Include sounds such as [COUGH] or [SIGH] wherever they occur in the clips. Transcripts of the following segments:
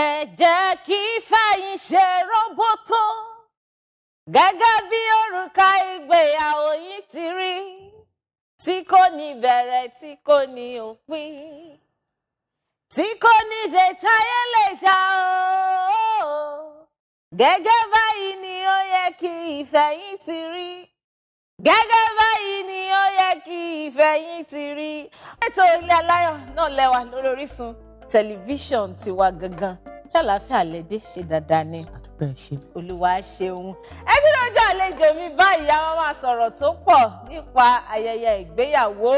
ẹ jẹ́ kí ìfẹ́ yín ṣe róbótó gẹ́gẹ́ bí òrùka ìgbéyàwó yín ti rí tí kò ní bẹ̀rẹ̀ tí kò ní òpin tí kò ní dé táyé lè já o gẹ́gẹ́ báyìí ni ó yẹ kí ìfẹ́ yín ti rí gẹ́gẹ́ báyìí ni ó yẹ kí ìfẹ́ ti rí. ètò ilé aláyọ̀ náà lẹ́wà lórí Orísun tẹlifíṣàn tiwa gangan ṣàlàáfíà lẹ́dẹ́ ṣe dáadáa ni olúwa ṣeun ẹ ti lójú àlejò mi báyìí a máa sọ̀rọ̀ tó pọ̀ nípa ayẹyẹ ìgbéyàwó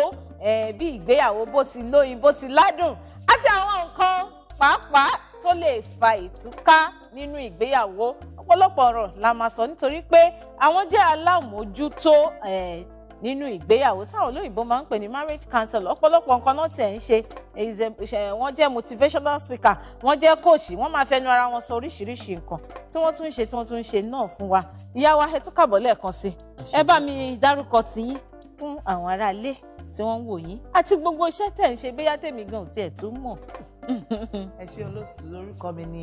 bí ìgbéyàwó bó ti lóyin bó ti ládùn àti àwọn nǹkan pàápàá tó lè fa ìtúká nínú ìgbéyàwó ọ̀pọ̀lọpọ̀ ọ̀rọ̀ la máa sọ nítorí pé àwọn jẹ́ alámòójútó nínú ìgbéyàwó táwọn olóyìnbó máa ń pè ní marriage counsel ọ̀pọ̀lọpọ̀ nǹkan náà tiẹ̀ ń um, ṣe wọ́n jẹ́ motivational speaker wọ́n jẹ́ coach wọ́n máa fẹnu ara wọn sọ oríṣiríṣi nǹkan tí wọ́n tún ń ṣe tí wọ́n tún ń ṣe náà fún wa ìyá wa ẹ tún kàbọ̀ lẹ́ẹ̀kan sí ẹ bá mi dárúkọ tiyín fún àwọn aráalé tí wọ́n ń wò yín àti gbogbo iṣẹ́ tẹ̀ ń ṣe bóyá tèmi gan ò tiẹ̀ tún mọ̀ [LAUGHS] ẹ ṣé olóòtú lórúkọ mi ni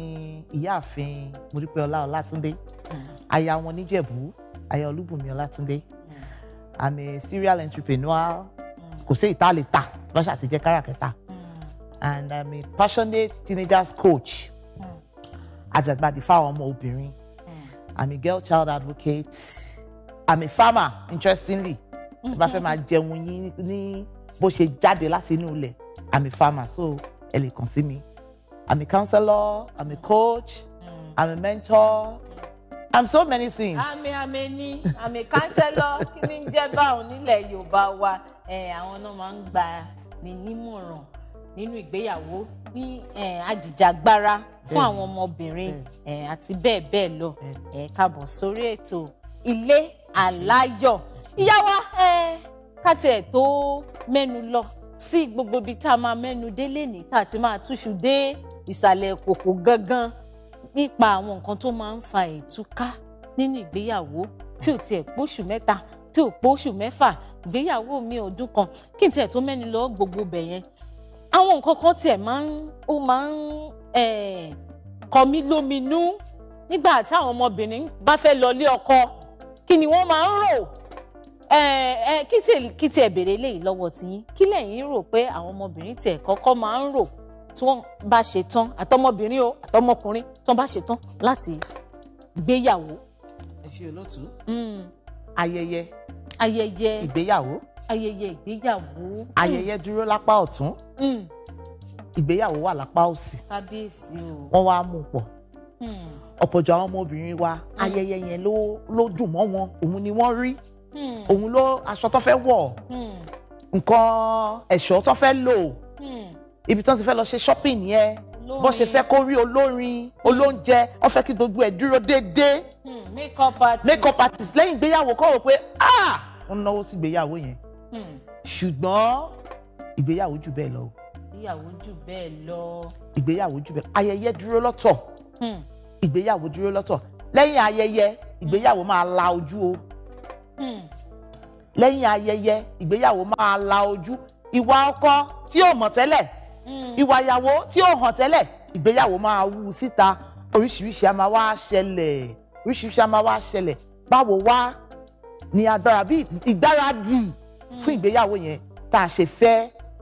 ìyáàfin Morípẹ́ọlá Ọlátúndé hmm. aya wọn níjẹ̀bú aya Olúbùnmi Ọlátúndé i'm a serial entrepreneur kò sí ìta lè ta bá ṣàti jẹ́ káràkátà and i'm a passionate teenagers coach ajàgbàdì fáwọn ọmọ obìnrin i'm a girl child advocate i'm a farmer interestingly tí bá fẹ́ máa jẹun yín ní bó ṣe jáde láti inú ilẹ̀ i'm a farmer so ẹ lè kàn sí mi i'm a counselor i'm a coach i'm a mentor. I'm so many things. Àmì àmì ni àmì kánsẹ́lọ́ kí ni jẹ́ báwọn nílẹ̀ Yorùbá wa àwọn náà máa ń gba mi nímọ̀ràn nínú ìgbéyàwó ní Fun fún àwọn ọmọbìnrin àti bẹ́ẹ̀ bẹ́ẹ̀ lọ káàbọ̀ sórí ètò ilé aláyọ̀ Ile wa ká eh tó mẹ́nu lọ sí gbogbo ibi tá a máa mẹ́nu dé lẹ́nìí tá a ti máa túṣu dé ìsàlẹ̀ kòkò gangan nípa àwọn nǹkan tó máa ń fa ìtúká nínú ìgbéyàwó tí ò tiẹ̀ póṣù mẹ́ta tí ò póṣù mẹ́fà ìgbéyàwó mi ọdún kan kí n tiẹ̀ tó mẹ́ni lọ gbogbo bẹ̀ yẹn àwọn nǹkan kan tiẹ̀ máa ń ó máa ń kọ mí lóminú nígbà táwọn ọmọbìnrin bá fẹ́ lọ lé ọkọ kí ni wọ́n máa ń rò kí tiẹ̀ béèrè léyìí lọ́wọ́ tiyín kí lẹ̀yin rò pé àwọn ọmọbìnrin tiẹ̀ kọ́kọ́ máa ń rò tí wọ́n bá ṣe tán àtọmọbìnrin o àtọmọkùnrin tí wọ́n bá ṣe tán láti gbéyàwó. ẹ ṣe olóòtú. Hmm. ayẹyẹ. ayẹyẹ ìgbéyàwó. ayẹyẹ ìgbéyàwó. ayẹyẹ dúró lápá ọ̀tún. Hmm. ìgbéyàwó wà lápá òsì. kábíyèsí o. wọ́n wá mú pọ̀ hmm. ọ̀pọ̀jọ àwọn ọmọbìnrin wa ayẹyẹ yẹn ló ló dùn mọ́ wọn òun ni wọ́n rí òun ló aṣọ tó fẹ́ wọ̀ nǹkan ẹ̀ṣọ́ tó fẹ́ lò ibi tó ń ti fẹ́ lọ ṣe shopping yẹn bó ṣe fẹ́ kó rí olórin olóúnjẹ wọ́n fẹ́ kí gbogbo ẹ̀ dúró déédéé hmm, make up artist lẹ́yìn ìgbéyàwó kọ́ wò pé ah wọ́n náwó sí ìgbéyàwó yẹn hmm. ṣùgbọ́n ìgbéyàwó jù bẹ́ẹ̀ lọ. ìgbéyàwó jù bẹ́ẹ̀ lọ. ìgbéyàwó jù bẹ́ẹ̀ ayẹyẹ dúró lọ́tọ̀ hmm. ìgbéyàwó dúró lọ́tọ̀ lẹ́yìn ayẹyẹ ìgbéyàwó máa la ojú o lẹ́yìn ayẹyẹ ìgbéyàwó máa la ojú ìwà ọkọ tí ò mọ̀ tẹ́lẹ̀ ìwà ìyàwó tí ó hàn tẹ́lẹ̀ ìgbéyàwó máa wú síta oríṣiríṣi a máa wá ṣẹlẹ̀ oríṣiríṣi a máa wá ṣẹlẹ̀ báwo wá ni agbára bí ìgbáradì fún ìgbéyàwó yẹn tá a ṣe fẹ́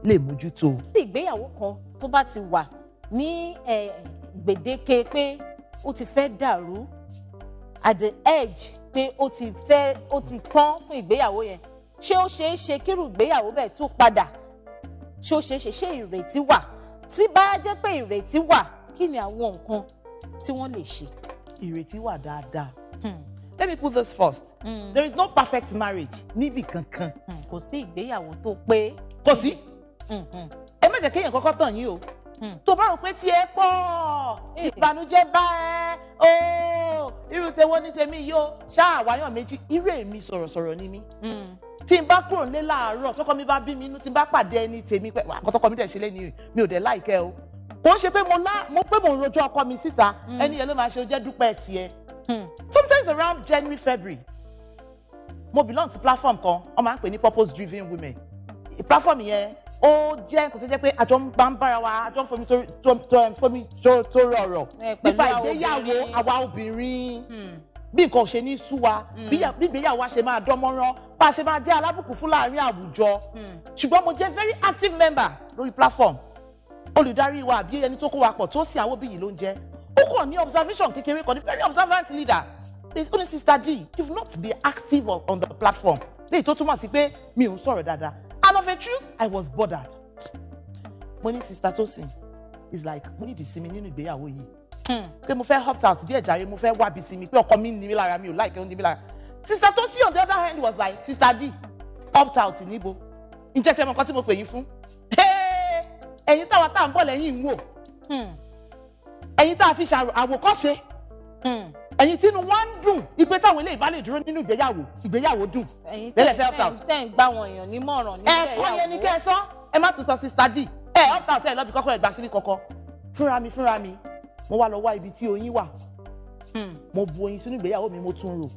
lè mójútó. tí ìgbéyàwó kan tó bá ti wà ní gbèdéke pé ó ti fẹ́ dàrú at the edge pé ó ti fẹ́ ó ti tán fún ìgbéyàwó yẹn ṣé ó ṣeé ṣe kírú ìgbéyàwó bẹ́ẹ̀ tún padà ṣó ṣe ṣe ṣé ìrètí wà tí bá jẹ́ pé ìrètí wà kí ni àwọn nǹkan tí wọ́n lè ṣe. ìrètí wà dáadáa. Hmm. let me put this first. Mm. there is no perfect marriage níbì kankan. Hmm, kò sí ìgbéyàwó tó pé. kò sí. Hmm, ẹ má jẹ́ kéèyàn kọ́kọ́ tàn yín o. tó bá rò pé tiẹ̀ pọ̀ eh. ìbànújẹ́ bá ẹ ooo irú tewọ́ ní tèmi yìí ṣáà wáyàn méjì irú èmi sọ̀rọ̀sọ̀rọ̀ ni mí tí n bá kúrò nílé láàárọ̀ tọkọ mi bá bí mi inú tí n bá pàdé ẹni tèmi pẹ àkọtọkọ mi dẹ̀ ṣe lé mi ò dẹ̀ láìkẹ́ o kò ń ṣe pé mo lá mo pé mo ń rojọ́ ọkọ mi síta hmm. ẹni yẹn ló máa ṣe ó jẹ́ dúpẹ́ tiẹ̀ hmm. sometimes around January February mo belong to platform kan wọ́n máa ń pè ní purpose driven women platform yẹn ó jẹ́ nǹkan tó jẹ́ pé àjọ ń bá ń bára wa àjọ ń fomi tó fomi tó rọrọ eh, nípa ìgbéyàwó àwa obìnrin hmm bí nǹkan ṣe ní sú wa mm. bí ìgbéyàwó wa ṣe máa dánmọ́rán bá a ṣe máa jẹ́ alábùkún fún láàrin àwùjọ mm. ṣùgbọ́n mo jẹ́ very active member lórí platform olùdarí wa àbí ẹni tó kó wa pọ̀ tó sì àwọn òbí yìí ló ń jẹ́ ó kàn ní observation kékeré kan ní very observant leader ó only sister G you've not been active on the platform léyìí tó túmọ̀ sí pé mi ò ń sọ̀rọ̀ dáadáa and of a truth I was bothered mo ní sister Tosin is like mo ní ìdìsinmi nínú ìgbéyàwó yìí Hmm. pé mo fẹ́ opt out díẹ̀ jàre mo fẹ́ wábi sí mi pé ọkọ mi ní mi lára mi ò láìkẹ́ ó ní mi lára sister Tosin on the other hand was like sister D opt out níbo ǹjẹ́ tí ẹ mọ nǹkan tí mo pè yín fún ẹ̀yin táwa tá à ń bọ̀ lẹ́yìn ń wò hmm. ẹ̀yin tá a fi ṣàwòkọ́ṣe hmm. ẹ̀yin tínú wọn ń dùn ipe táwọn ilé ìbálẹ̀ dúró nínú ìgbéyàwó ìgbéyàwó dùn lẹ́lẹ̀ fẹ́ opt out. tẹ́ ń gbá wọn èèyàn nímọ̀ràn nígbà ìyàwó ẹ̀kọ́ yẹn ni kẹ́ ẹ sọ ẹ má tún sọ sister D ẹ opt out ẹ lọ́bi kọ́kọ́ ẹ gbà sí ní kọ́kọ́ fúnra mi fúnra mi mo wá lọ wá ibi tí oyin wà hmm. mo bu oyin sínú ìgbéyàwó mi mo tún rò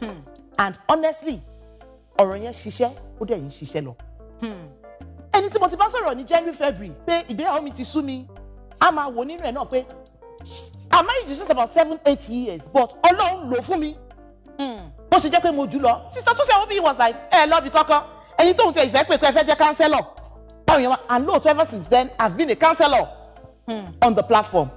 hmm. and honestly ọ̀rọ̀ yẹn ṣiṣẹ́ ó dẹ̀ yín ṣiṣẹ́ lọ. Hmm. ẹni tí mo ti bá sọ̀rọ̀ ní January February pé ìgbéyàwó mi ti sú mi a máa wò nínú ẹ̀ náà pé our marriage is just about seven eight years but Ọlọ́run lò fún mi bó ṣe jẹ́ pé mo jù lọ sister tó ṣe àwọn obìnrin was like ẹ lọ́ọ̀bì kankan ẹni tóun tẹ ìfẹ́ pé pé ẹ fẹ́ jẹ́ counselor báwo yẹn wá and lóòótọ́ ever since then I've been a counselor hmm. on the platform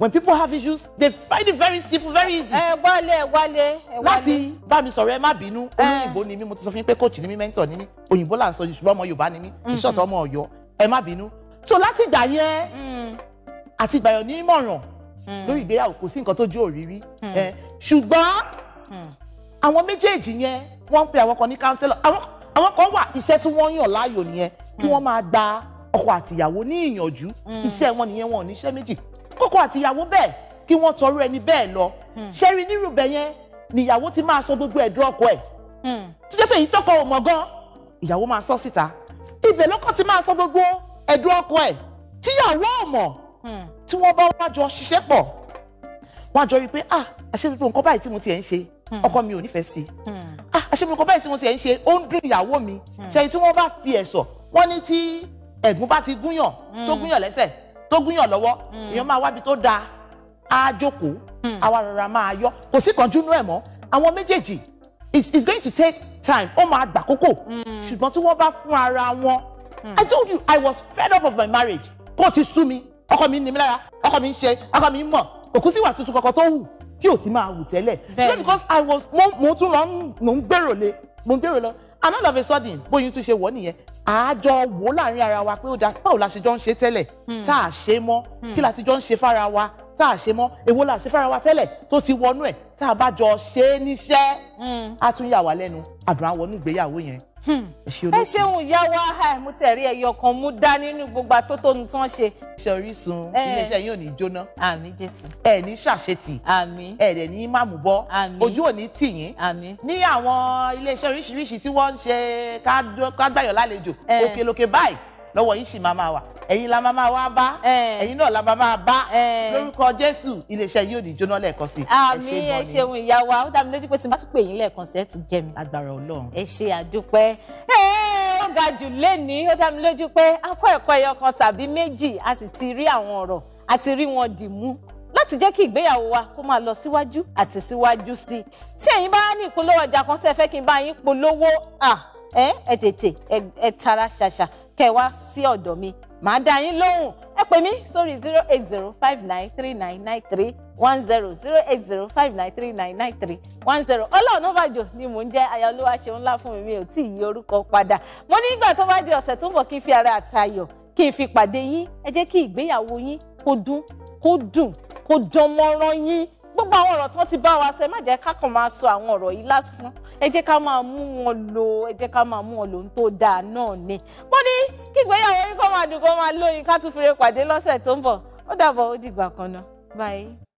when people have issues they find it very simple very easy. ẹ eh, wálé ẹ eh, wálé láti bá mi sọ̀rọ̀ ẹ má bínú eh. olóyìnbó ni mí mo ti sọ fún yín pé coach ni mí mentor ni mí òyìnbó là ń sọ ṣùgbọ́n ọmọ yorùbá ni mí ìṣọ̀tọ̀ mm-hmm. ọmọ ọ̀yọ́ ẹ má bínú. so láti ìgbà yẹn mm. àti ìgbà yẹn ní ìmọ̀ràn mm. lórí ìgbéyàwó kò sí nǹkan tó jó òrírí mm. ṣùgbọ́n àwọn méjèèjì yẹn wọ́n ń pe àwọn kan ní counselor àwọn kan wà iṣẹ́ tí wọ́n yàn láàyò nìyẹn kí wọ́n máa gba ọkọ àtìyàwó ní ìyànjú kókó àtìyàwó bẹ́ẹ̀ kí wọ́n tọrú ẹni bẹ́ẹ̀ lọ hmm. ṣẹ́rí nírúbẹ̀ yẹn níyàwó ti máa sọ gbogbo ẹ̀dùn ọkọ ẹ̀ hmm. tó jẹ́ pé èyí tọkọ ò mọ̀ gan ìyàwó máa sọ síta ibẹ̀ lọ́kọ ti máa sọ gbogbo ẹ̀dùn ọkọ ẹ̀ tíyàwó ò mọ̀ hmm. tí wọ́n bá wá jọ ṣiṣẹ́ pọ̀ wọ́n á jọ rí i pé ah àṣebíbo nǹkan báyìí tí mo tiẹ̀ ń ṣe ọkọ mi ò nífẹ̀ẹ́ sí ah àṣebíbo nǹkan báyìí tí mo tiẹ̀ ń ṣe ó ń dùn ìyàwó mi ṣẹ́yìn tí wọ́n bá fi ẹ̀sọ̀ wọ́n ní tí ẹ̀gún bá ti gúnyàn tó gúnyàn lẹ́sẹ̀ tó gúnyàn lọ́wọ́ hmm. èèyàn máa wábi tó dáa á jókòó àwa hmm. rọra máa yọ kò sí kanjú nú ẹ̀ mọ́ àwọn méjèèjì it's going to take time ó máa gbà kókò hmm. ṣùgbọ́n tí wọ́n bá fún ara wọn i told you i was fed up of my marriage kó ti sú mi ọkọ mi ní mi lára ọkọ mi ń ṣe ọkọ mi ń mọ̀ òkú sí wà tuntun kankan tó wù tí ò ti máa wù tẹ́lẹ̀ because i was mo tún lọ mo ń gbèrò lé mo ń gbèrò lọ and all of a sudden bóyún tún ṣe wọ̀ nìyẹn àájọ wò láàrin ara wa pé ó dáa báwo la ṣe jọ ń ṣe tẹ́lẹ̀ hmm. tá a ṣe mọ́ hmm. kí la ti jọ ń ṣe fára wa tá a ṣe mọ́ èwo la ṣe fára wa tẹ́lẹ̀ tó ti wọnú ẹ̀ tá a bá jọ ṣe é níṣẹ́ á hmm. tún yà wá lẹ́nu àdùn àwọn ìgbéyàwó yẹn. Hmm. ẹ ṣeun ìyá wa mo ti ẹ̀rí ẹyọ kan mú dá nínú gbogbo atótónu tí wọ́n ṣe. iṣẹ́ Orísun iléeṣẹ́ yín ò ní jóná. àmín jésù. ẹ ní ṣàṣetì. àmín. ẹ dẹ̀ ní má mú bọ́. àmín. ojú ò ní tì yín. àmín. ní àwọn iléeṣẹ́ oríṣiríṣi tí wọ́n ń ṣe ká gbàyàn lálejò eh. òkèlókè báyìí lọ́wọ́ yín sì máa máa wà ẹ̀yin la máa máa wá bá ẹ̀yin náà la máa máa bá lórúkọ jésù iléeṣẹ́ yóò ní jóná lẹ́ẹ̀kan sí. àmì ẹ ṣeun ìyá wa ó dá mi lójú pé tí n bá tún pè yín lẹ́ẹ̀kan sí ẹ tún jẹ mi. agbára Ọlọ́run. ẹ ṣe àdúpẹ́ ó ga jù lénìí ó dá mi lójú pé a kọ́ ẹ̀kọ́ ẹyọ kan tàbí méjì a sì ti rí àwọn ọ̀rọ̀ a ti rí wọn dì mú láti jẹ́ kí ìgbéyàwó wa kó máa lọ síwájú àti síwájú sí i tí ẹ̀yin bá ní ìpolówó ọjà kan tẹ́ fẹ́ kí n bá yín polówó ẹ tètè ẹ tara ṣàṣà kẹ́ wá sí ọ̀dọ̀ mi màá dá yín lóhùn ẹ pè mí sórí zero eight zero five nine three nine nine three one zero zero eight zero five nine three nine nine three one zero Ọlọ́runbàjò ni mò ń jẹ́ aya Olúwaṣeun Láfúnmi mi ò tí ì yí orúkọ padà mo ní ìgbà tó bá di ọ̀sẹ̀ tó ń bọ̀ kí n fi ara àtayọ̀ kí n fi pàdé yín ẹ jẹ́ kí ìgbéyàwó yín kó dún kó dùn kó dán yín gbogbo àwọn ọ̀rọ̀ tó ti bá wa sọ ẹ má jẹ́ ká kàn máa sọ àwọn ọ̀rọ̀ yìí lásán ẹ jẹ́ ká máa mú wọn lò ẹ jẹ́ ká máa mú wọn ni. mo ní kí ìgbéyàwó yín kó máa dùn kó máa ká tún fèrè pàdé lọ́sẹ̀ tó ń bọ̀ ó dàbọ̀ ó dìgbà kan náà báyìí.